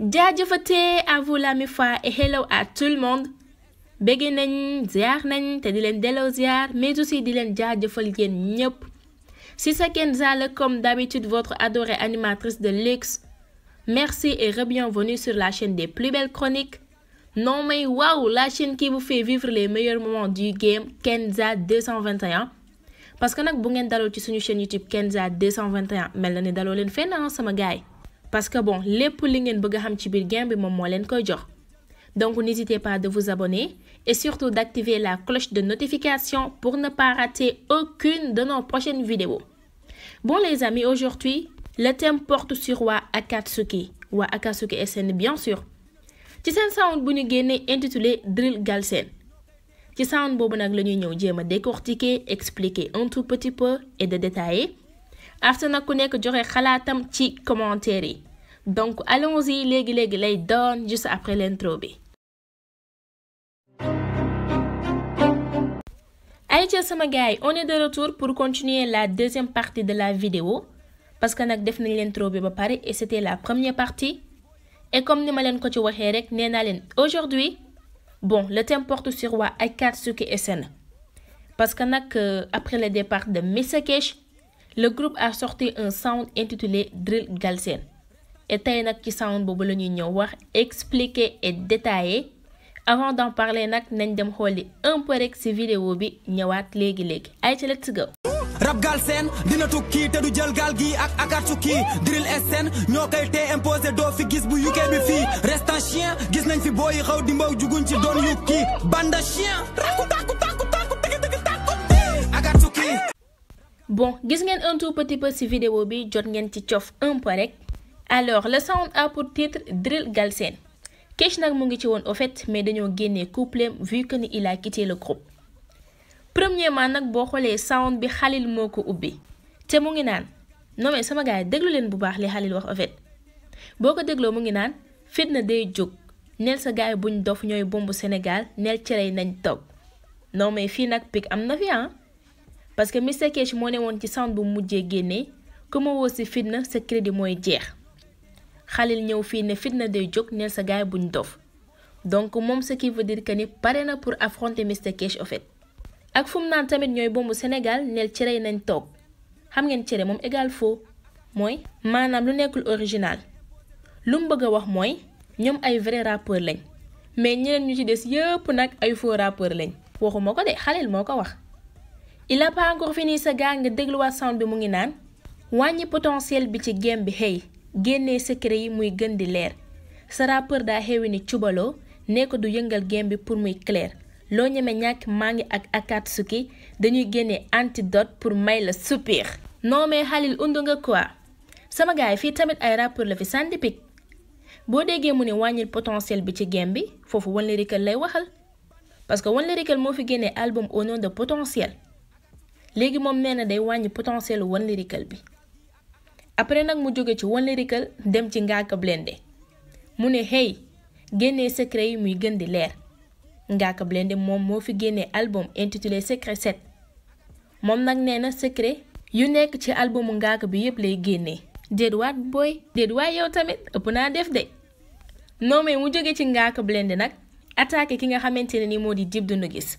jaajëfatee à vous la mi fois et hello à tout le monde bëgg nañ ziar nañ te di leen delloo ziar mais aussi di leen jaajëfal yéen ñëpp si sa Kenza le comme d'habitude votre adorée animatrice de luxe merci et re-bienvenue sur la chaîne des plus belles chroniques non mais waouh la chaîne qui vous fait vivre les meilleurs moments du game Kenza 221 parce que nag bu ngeen daloo ci suñu chaîne YouTube Kenza 221 mel na ne daloo leen fenn ah, sama parce que bon les li ngeen bëgg a xam ci biir gain bi moom moo koy donc n'hésitez pas à vous abonner et surtout d'activer la cloche de notification pour ne pas rater aucune de nos prochaines vidéos. Bon les amis, aujourd'hui, le thème porte sur Wa Akatsuki, Wa Akatsuki SN bien sûr. ci un sound bu ñu intitulé Drill Galsen ci sound boobu nag la ñuy ñëw un tout petit peu et de détailler after ku nekk joxe xalaatam ci commentaire donc allons-y les gilets lay down, juste après l'intro bi sama gars on est de retour pour continuer la deuxième partie de la vidéo parce qu'on a défini l'intro et c'était la première partie et comme nous ma dit ko aujourd'hui bon le thème porte sur waa Akatsuki SN parce que euh, après le départ de Mr le groupe a sorti un sound intitulé Drill Galsen tey nag ci sound boobu la ñuy ñëw wax expliquer et détailler avant d'en parler nag nañ dem xooli un peu rek ci vidéo bi ñëwaat léegi léegi ay ci let's go rab gaal seen dina tukki te du jël gaal gi ak akartu kii drill SN ñoo koy te imposé doo fi gis bu UK bi fii restant chien gis nañ fi booyi xaw di mbaw juguñ ci doon yu kii banda chien rakku takku takku takku tigi takku akartu kii bon gis ngeen un tout petit ci vidéo bi jot ngeen ci cof un alors le sound a pour titre Drill Galsen Kesh nag mu ngi ci woon au mais dañoo génnee couplem vu que ni il a quitté le groupe nag boo xoolee sound bi xalil moo ko ubbi te mu ngi naan non sama gars yi déglu leen bu baax li Khalil wax au boo ko dégloo mu ngi naan fitna day jóg neel sa gars buñ dof ñooy bombu Sénégal neel cerey nañ toog non mais fii nag pic am na fi ah parce que Mr Kesh moo ne woon ci sound bu mu mujjee génnee ku ma woo si fitna sa crédit mooy jeex. Khalil ñëw fii ne fitna day jóg neel sa gaay buñ dof donc moom sa qui veut dire que ni pare na pour affronter Mr Cash en fait ak fu naan tamit ñooy bombu Sénégal neel cere yi nañ toog xam ngeen cere moom égal faux mooy maanaam lu nekkul original lu mu bëgg a wax mooy ñoom ay vrai rappeur lañ mais ñeneen ñu ci des yëpp nag ay faux rappeur lañ waxuma ko de Khalil moo ko wax. il a pas sa gaa nga dégluwaat sound bi mu ngi naan wàññi potentiel bi ci game bi xëy génnee secret yi muy gën di leer sa rappeur daa xewi ni cubaloo nee ko du yëngal game bi pour muy clair loo ñeme ñàkk maa ngi ak Akatsuki dañuy génne antidote pour may la soupir non mais Khalil nga quoi sama gars fii tamit ay rappeur la fi sandi boo déggee mu ne wàññil potentiel bi ci game bi foofu One Lyrical lay waxal parce que One Lyrical moo fi génnee album au nom de potentiel léegi moom nee na day wàññi potentiel One Lyrical bi après nag mu jóge ci One Lyrical dem ci Ngaaka Blindé mu ne hey génne secret yi muy gën di leer Ngaaka Blindé moom moo fi génnee album intitulé Secret set moom nag nee na secret yu nekk ci albumu Ngaaka bi yëpp lay génnee déet waat boy déet waay yow tamit ëpp naa def de noo mais mu jóge ci Ngaaka Blindé nag attaqué ki nga xamante ne ni moo di Dip Doundou Guiss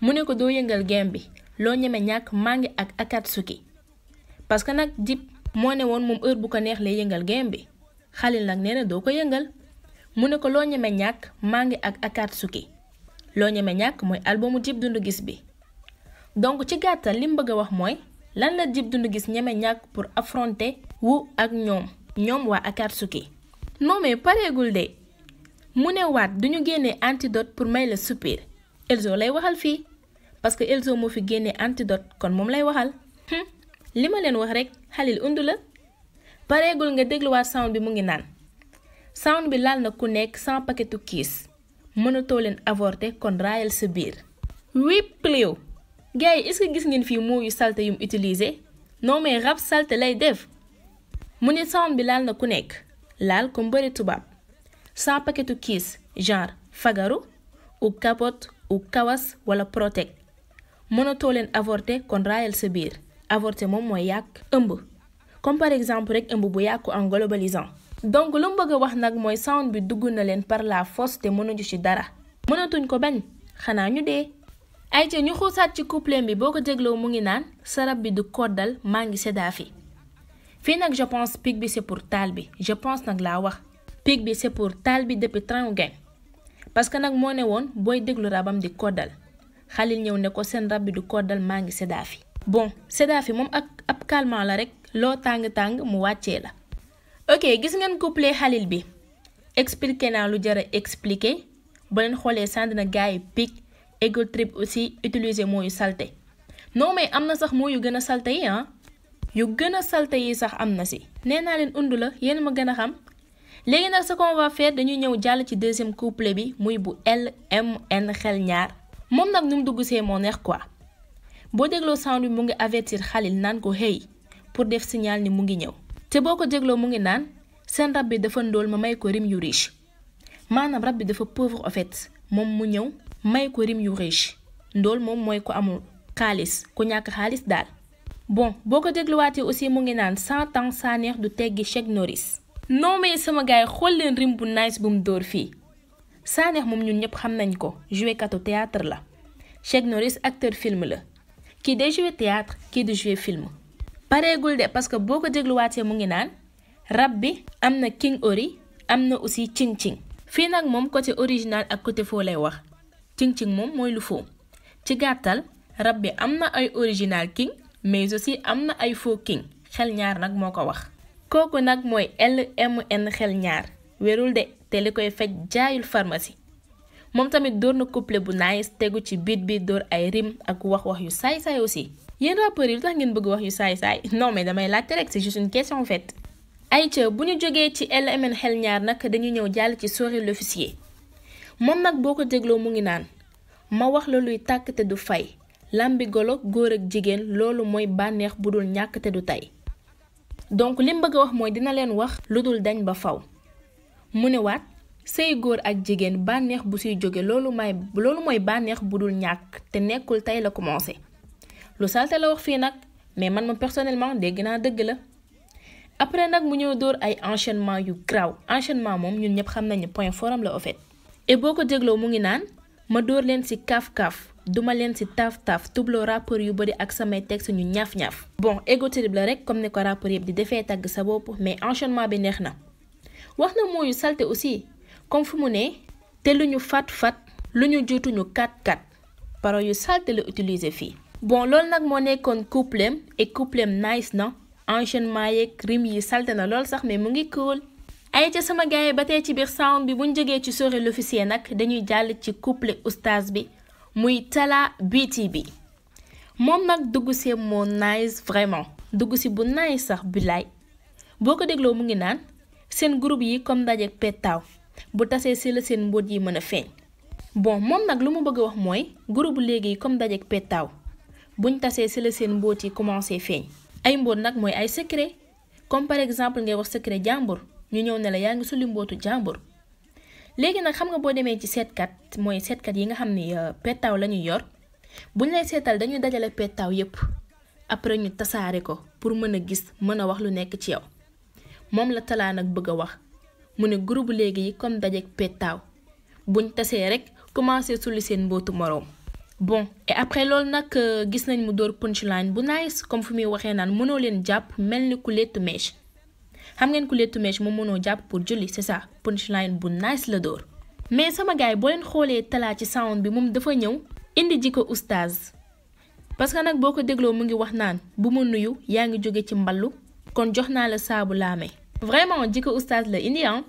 mu ne ko doo yëngal game bi loo ñeme ñàkk maa ak Akatsuki parce que nag Dip moo ne woon moom heure bu ko neex lay yëngal game bi Khalil nag nee na doo ko yëngal mu ne ko loo ñeme ñàkk maa ngi ak Akatsuki loo ñeme ñàkk mooy albumu Dip Doundou gis bi donc ci gàttal li mu bëgg a wax mooy lan la Dip Doundou Guiss ñeme ñàkk pour affronter wu ak ñoom ñoom waa Akatsuki non mais pareegul de mu ne waat duñu génnee antidote pour may la soupir Elzo lay waxal fii parce que Elzo moo fi génnee antidote kon moom lay waxal li ma leen wax rek xalil und la pareegul nga dégluwaat sound bi mu ngi naan sound bi laal na ku nekk 100 paquetu kiis mënatoo leen avorter kon raayal sa biir. whip play gars yi gis ngeen fii mots salte yu mu utilisé non mais rab salte lay def mu ne sound bi laal na ku nekk laal ko mbëri tubaab 100 paquetu kiis genre fagaru ou capote ou kawas wala protect mënatoo leen avorter kon raayal sa biir. avorté moom mooy yàq ëmb comme par exemple rek ëmb bu yàqu en globalisant donc lu mu bëgg a wax nag mooy sound bi dugg na leen par la force te mënuñu ci dara mënatuñ ko bañ xanaa ñu dee ayca ñu xuusaat ci couplet bi boo ko dégloo mu ngi naan sarab bi du koddal maa ngi seddaa fi fii nag je pense pic bi c'est pour taal bi je pense nag laa wax pic bi c'est pour taal bi depuis train gañ parce que nag moo ne woon booy déglu rabam di koddal xalil ñëw ne ko seen rab bi du koddal maa ngi seddaa fi bon c'est moom ak ab calmant la rek loo tàng-tàng mu la ok gis ngeen couple Khalil bi expliqué naa lu jar a expliqué Vous leen na gars pic ego trip aussi utiliser salte non mais am sax gën a salté yi ah. yu gën a sax am na si nee undu la yéen ma gën xam léegi ce qu'on va faire dañuy ñëw ci deuxième couple bi muy bu N, xel ñaar moom nag nu dugg see moo quoi boo dégloo sound bi mu ngi avertir Khalil naan ko hey pour def signal ni mu ngi ñëw te boo ko dégloo mu ngi naan seen rab bi dafa ndool ma may ko rime yu riche maanaam rab bi dafa pauvre en fait moom mu ñëw may ko rime yu riche ndóol moom mooy ko amul xaalis ku ñàkk xaalis daal. bon boo ko dégluwaatee aussi mu ngi naan cent ans saa du teggi Cheikh Norris. non mais sama gars yi xool leen rime bu nice bu mu dóor fii saa moom ñun ñëpp xam nañ ko joué katu théâtre la Cheikh Norris acteur film la. qui de joué théâtre qui de joué film Pareil, parce que beaucoup de gloire mu ngi king ori amna aussi Ching Ching. fii c'est côté original ak côté faux lay wax lu faux ci Rabbi original king mais aussi amna ay faux king xel ñaar nak moko wax LMN xel ñaar de té ont pharmacie moom tamit dóor na couplet bu nice tegu ci biir bi dóor ay rime ak wax wax yu saay saay aussi yéen rappeurs yi lu tax ngeen bëgg wax yu saay saay non mais damay laajte rek c'est juste une question en fait. ayca bu ñu jógee ci LMN xel ñaar nag dañu ñëw jàll ci Sori l'officier moom nag boo ko dégloo mu ngi naan ma wax la luy tàkk te du fay làmbi golo góor ak jigéen loolu mooy bànneex bu dul ñàkk te du tey. donc lim bëgg a wax mooy dina leen wax lu dul dañ ba faw mu ne C'est góor ak jigéen bànneex bu siy jóge loolu may loolu mooy bànneex bu dul te nekkul la commencé lu la wax mais man personnellement dégg naa dëgg la après nag mu ñëw dóor ay enchaînement yu graw enchaînement moom ñun ñëpp xam vous point forum la au fait et boo ko mu ngi naan ma dóor leen ci taf taf. duma leen ci taf yu ak texte ñu bon ego trip rek comme ni ko rappeur yëpp di defee tàgg sa bopp mais enchaînement bi neex na wax na salte aussi comme fu mu ne te lu fat-fat luñu ñu juutu ñu kat-kat paro yu salté le utiliser fi bon lol nak mo nekkoon couplem et couplem nice non. enchaînement yeeg rime yi salté na lol sax mais mu ngi cool ay ci sama gaay ba tey ci biir sound bi buñu jógee ci sori l'officier nak dañuy jall ci couple oustaz bi muy tala btb mom nak nag dugg nice vraiment dugg si bu nice sax billaay boo ko dégloo mu ngi nan sen groupe yi comme dajek pétaw bu tasee si la seen mbóot yi mën a feeñ bon moom nag lu mu bëgg a wax mooy groupe léegi comme dajeek pettaaw buñ tasee si la seen mbóot yi commencé feeñ ay mbóot nag mooy ay secret comme par exemple ngay wax secret jàmbur ñu ñëw ne la yaa ngi sulli mbootu jàmbur léegi nag xam nga boo demee ci seetkat mooy seetkat yi nga xam ni euh, pettaaw la ñuy yor buñ lay seetal dañuy dajale pettaaw yépp après ñu tasaare ko pour mën a gis mën a wax lu nekk ci yow moom la talaan ak bëgg a wax mu ne groupe léegi yi comme dajeek pettaaw tasee rek commencé sulli seen mbootu moroom bon après loolu nag euh, gis nañ mu dóor punchline bu nice comme fu muy waxee naan mënoo leen jàpp mel ni ku lettu mèche xam ngeen ku lettu mèche mu mënoo jàpp pour julli c'est ça punchline bu nice la dóor mais sama gars yi boo leen xoolee talaa ci sound bi moom dafa ñëw indi ji ko oustaz parce que nag boo ko dégloo mu ngi wax naan bu ma nuyu yaa ngi jóge ci mballu kon jox naa la saabu laame vraiment jikko oustaz la indi ah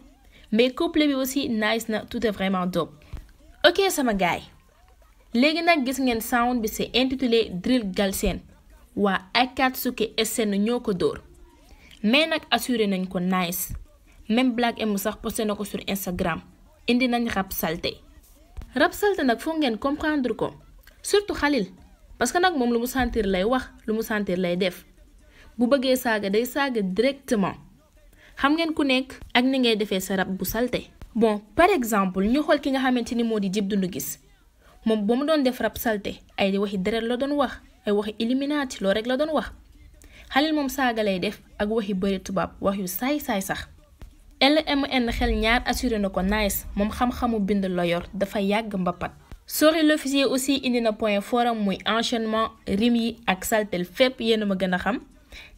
mais couple bi aussi nice na tout est vraiment dope. ok sama gaay léegi nag gis ngeen sound bi c'est intitulé Drill Galsen waa Akatsuki SN ñoo ko dóor mais nag assuré nañ ko nice même Black M sax posté na ko sur Instagram indi nañ rap salté rap salté nag foog ngeen comprendre ko surtout Khalil parce que nag moom lu mu sentir lay wax lu mu sentir lay def bu bëggee saaga day saaga directement. xam ngeen ku nekk ak ni ngay defee sa rab bu salte bon par exemple ñu xool ki nga xamante ni moo di Dip Doundou gis moom ba mu doon def rab salte ay waxi deret la doon wax ay waxi Illuminati loolu rek la doon wax Xalil moom saaga lay def ak waxi bëri tubaab wax yu saay-saay sax LMN xel ñaar assuré na ko nice moom xam-xamu bind la yor dafa yàgg mbappat sori l'officier aussi indi na point forum muy enchaînement rim yi ak saltel fépp yéen a ma gën a xam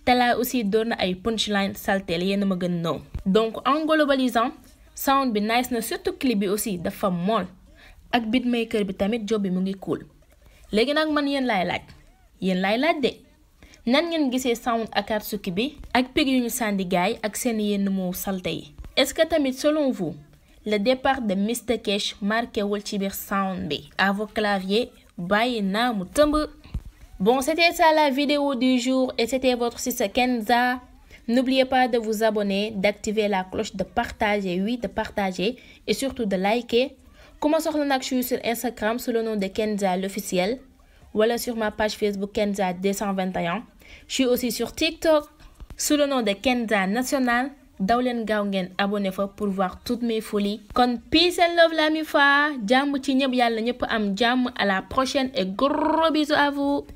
Tella aussi donne ay punchline saltel yéen ma gën donc en globalisant sound bi nice na surtout clip bi aussi dafa mol ak beatmaker bi tamit job bi mu ngi cool légui nak man yéen lay laaj yéen lay laaj de nan ngeen gisee sound Akatsuki bi ak pig ñu gaay ak seen yenn mo salte est-ce que tamit selon vous le départ de Mr Cash marqué wul ci biir sound bi à clavier claviers bàyyi mu tëmb Bon, c'était ça la vidéo du jour et c'était votre site Kenza. N'oubliez pas de vous abonner, d'activer la cloche, de partager, oui, de partager et surtout de liker. Comment sur Instagram sous le nom de Kenza l'officiel. Voilà sur ma page Facebook Kenza 221. Je suis aussi sur TikTok sous le nom de Kenza National. Dawlen Gaungen, abonnez-vous pour voir toutes mes folies. Comme peace and love la mi Jam am à la prochaine et gros bisous à vous.